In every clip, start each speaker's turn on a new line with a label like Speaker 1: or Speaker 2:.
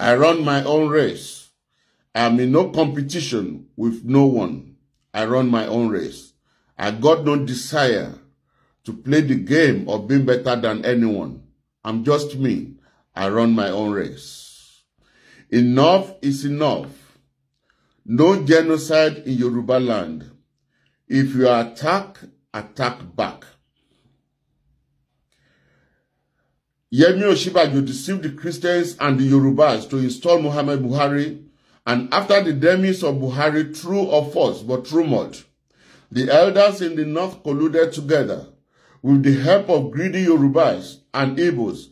Speaker 1: I run my own race. I'm in no competition with no one. I run my own race. I got no desire to play the game of being better than anyone. I'm just me. I run my own race. Enough is enough. No genocide in Yoruba land. If you attack, attack back. Yemi Oshiba you deceived the Christians and the Yorubas to install Muhammad Buhari, and after the demise of Buhari, true or false, but rumored, the elders in the north colluded together with the help of greedy Yorubas and Igbos,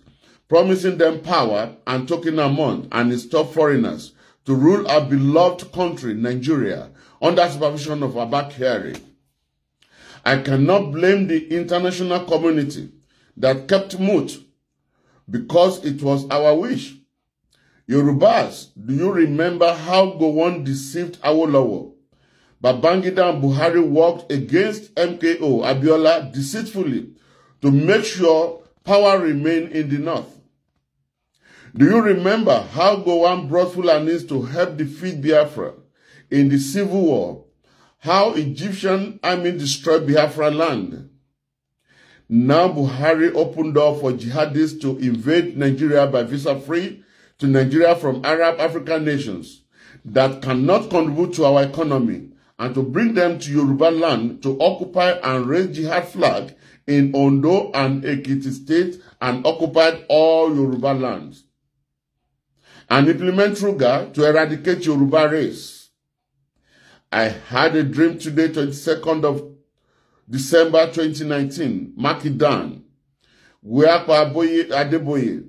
Speaker 1: promising them power and taking amount and stop foreigners to rule our beloved country, Nigeria, under supervision of Abakari. I cannot blame the international community that kept mute because it was our wish. Yorubas, do you remember how Gowon deceived Awolowo? Babangida and Buhari worked against MKO Abiola deceitfully to make sure power remained in the north. Do you remember how Gowon brought Fulanis to help defeat Biafra in the civil war? How Egyptian army destroyed Biafra land? Now Buhari opened door for jihadists to invade Nigeria by visa free to Nigeria from Arab African nations that cannot contribute to our economy and to bring them to Yoruba land to occupy and raise jihad flag in Ondo and Ekiti state and occupied all Yoruba lands. And implement Ruga to eradicate Yoruba race. I had a dream today, 22nd of December 2019, Makidan, Weapa Adeboye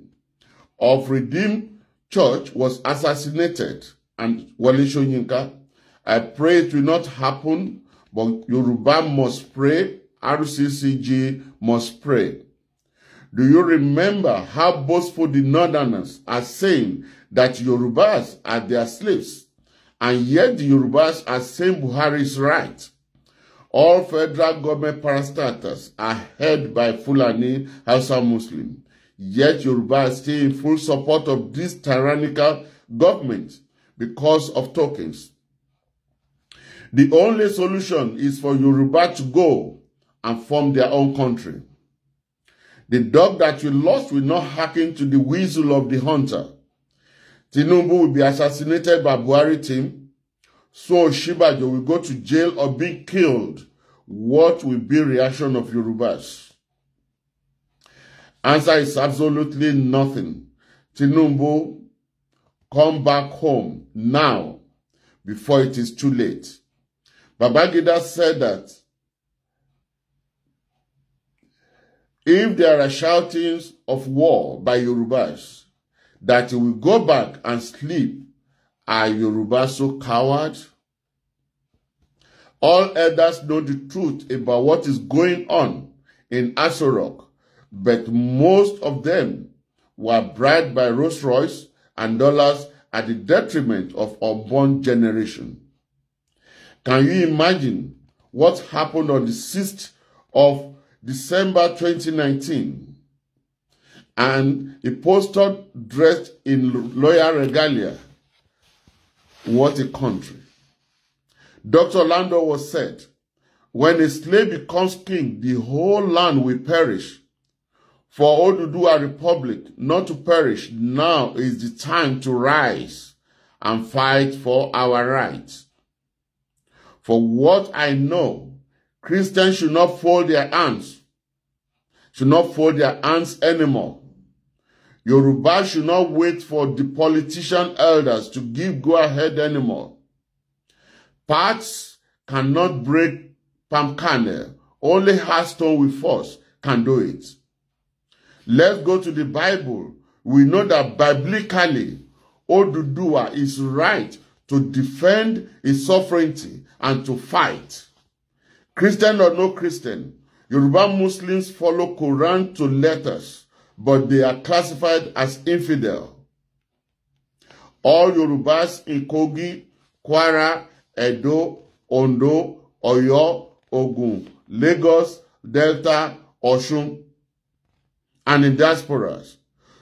Speaker 1: of Redeemed Church was assassinated and Wale Soyinka. I pray it will not happen, but Yoruba must pray, RCCG must pray. Do you remember how boastful the northerners are saying that Yorubas are their slaves? And yet the Yorubas are saying Buhari is right. All federal government parastatals are held by Fulani Hausa Muslims. Yet Yoruba are still in full support of this tyrannical government because of tokens. The only solution is for Yoruba to go and form their own country. The dog that you lost will not hearken to the weasel of the hunter. Tinubu will be assassinated by Buhari team So Shibajo will go to jail or be killed. What will be reaction of Yorubas? Answer is absolutely nothing. Tinumbu, come back home now before it is too late. Babagida said that if there are shoutings of war by Yorubas, that he will go back and sleep Are Yoruba so coward? All elders know the truth about what is going on in Asorok, but most of them were bribed by Rolls Royce and dollars at the detriment of unborn generation. Can you imagine what happened on the 6th of December 2019? And a poster dressed in royal regalia What a country. Dr. Lando was said, when a slave becomes king, the whole land will perish. For all do a Republic not to perish, now is the time to rise and fight for our rights. For what I know, Christians should not fold their hands, should not fold their hands anymore. Yoruba should not wait for the politician elders to give go ahead anymore. Parts cannot break palm kernel. Only stone with force can do it. Let's go to the Bible. We know that biblically, Oduduwa is right to defend his sovereignty and to fight. Christian or no Christian, Yoruba Muslims follow Quran to letters. but they are classified as infidel. All Yorubas in Kogi, Kwara, Edo, Ondo, Oyo, Ogun, Lagos, Delta, Osun, and in diasporas,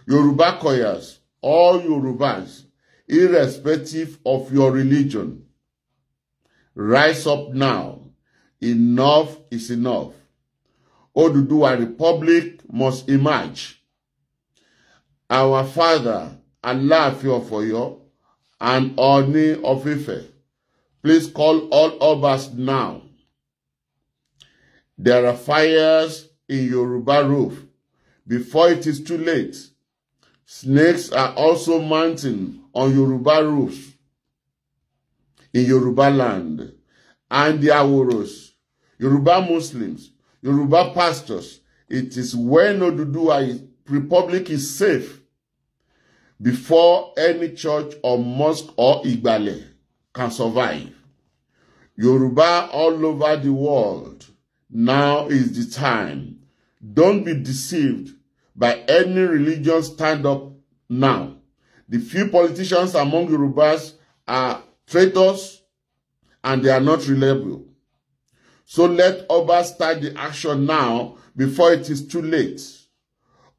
Speaker 1: Yoruba Koyas, all Yorubas, irrespective of your religion, rise up now. Enough is enough. Oduduwa Republic must emerge. Our Father, Allah Fiofoyo, and Oni of Ife, please call all of us now. There are fires in Yoruba roof before it is too late. Snakes are also mounting on Yoruba roofs in Yoruba land and the Aworos, Yoruba Muslims, Yoruba pastors. It is when Oduduwa Republic is safe before any church or mosque or igbale can survive. Yoruba all over the world, now is the time. Don't be deceived by any religion stand up now. The few politicians among Yorubas are traitors and they are not reliable. So let Oba start the action now before it is too late.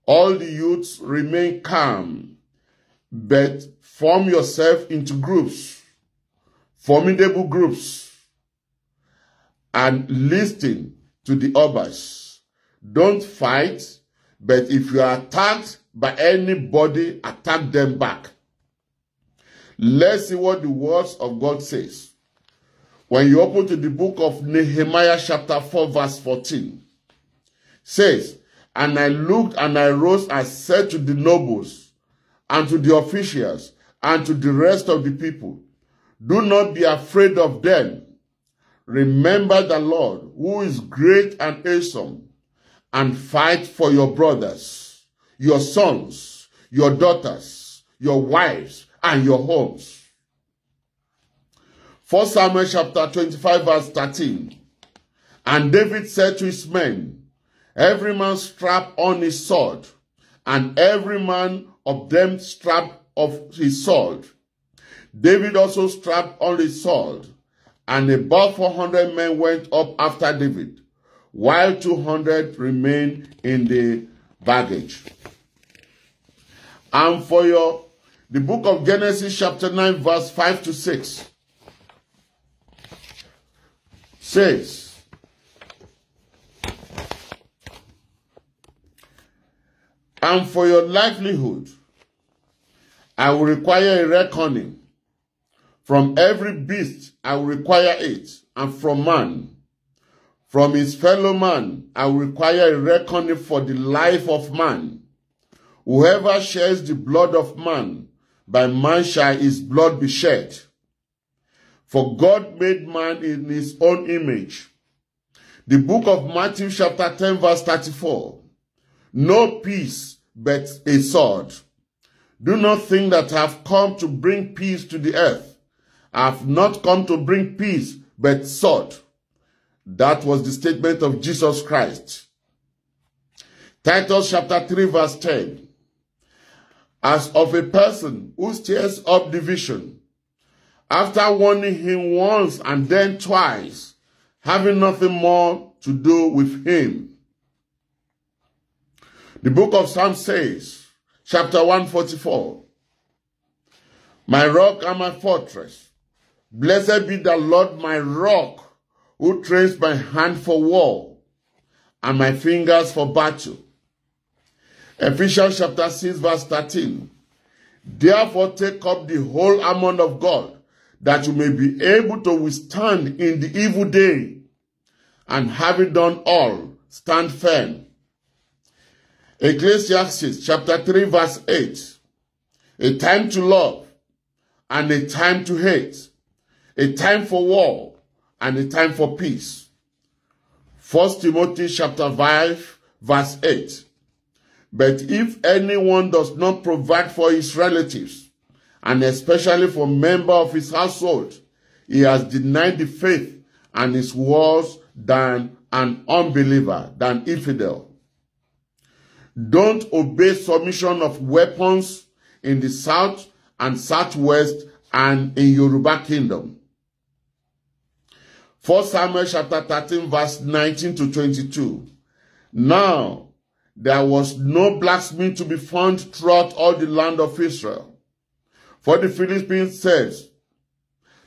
Speaker 1: All the youths remain calm but form yourself into groups, formidable groups, and listen to the others. Don't fight, but if you are attacked by anybody, attack them back. Let's see what the words of God says. When you open to the book of Nehemiah chapter 4 verse 14, says, And I looked and I rose and said to the nobles, and to the officials and to the rest of the people. Do not be afraid of them. Remember the Lord, who is great and awesome, and fight for your brothers, your sons, your daughters, your wives, and your homes. 1 Samuel chapter 25 verse 13. And David said to his men, Every man strap on his sword, and every man of them strapped of his sword. David also strapped on his sword, and about 400 men went up after David, while 200 remained in the baggage. And for your, the book of Genesis, chapter 9, verse 5 to 6 says, And for your livelihood, I will require a reckoning. From every beast, I will require it, and from man. From his fellow man, I will require a reckoning for the life of man. Whoever shares the blood of man, by man shall his blood be shed. For God made man in his own image. The book of Matthew chapter 10 verse 34. No peace, but a sword. Do not think that I have come to bring peace to the earth. I have not come to bring peace, but sword. That was the statement of Jesus Christ. Titus chapter 3 verse 10. As of a person who stirs up division, after warning him once and then twice, having nothing more to do with him. The book of Psalms says, chapter 144, My rock and my fortress, blessed be the Lord my rock, who trains my hand for war and my fingers for battle. Ephesians chapter 6, verse 13. Therefore, take up the whole armor of God, that you may be able to withstand in the evil day, and having done all, stand firm. Ecclesiastes chapter 3, verse 8. A time to love and a time to hate. A time for war and a time for peace. 1 Timothy chapter 5, verse 8. But if anyone does not provide for his relatives, and especially for member of his household, he has denied the faith and is worse than an unbeliever, than infidel. Don't obey submission of weapons in the south and southwest and in Yoruba kingdom. 1 Samuel chapter 13 verse 19 to 22. Now there was no blacksmith to be found throughout all the land of Israel. For the Philistines says,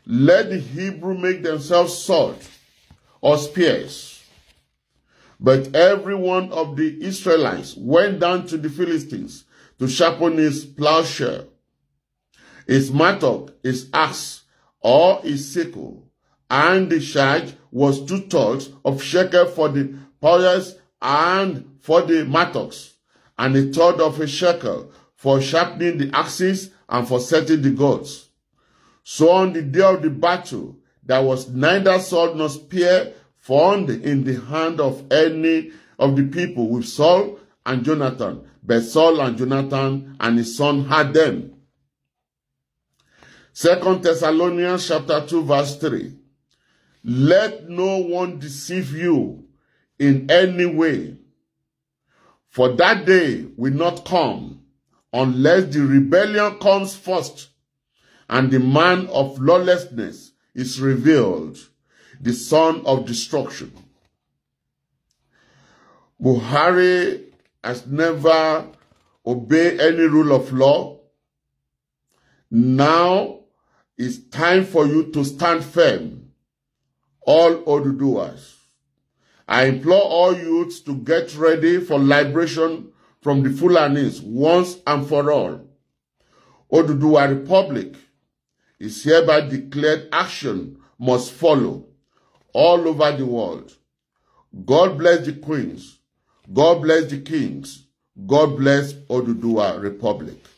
Speaker 1: Let the Hebrew make themselves sword or spears But every one of the Israelites went down to the Philistines to sharpen his plowshare, his mattock, his axe, or his sickle. And the charge was two thirds of shekel for the powers and for the mattocks, and a third of a shekel for sharpening the axes and for setting the goats. So on the day of the battle, there was neither sword nor spear found in the hand of any of the people with Saul and Jonathan. But Saul and Jonathan and his son had them. Second Thessalonians chapter 2 verse 3. Let no one deceive you in any way. For that day will not come unless the rebellion comes first and the man of lawlessness is revealed the son of destruction. Buhari has never obeyed any rule of law. Now it's time for you to stand firm, all Oduduwas. I implore all youths to get ready for liberation from the Fulanis once and for all. Odudua Republic is hereby declared action must follow all over the world. God bless the queens. God bless the kings. God bless Oduduwa Republic.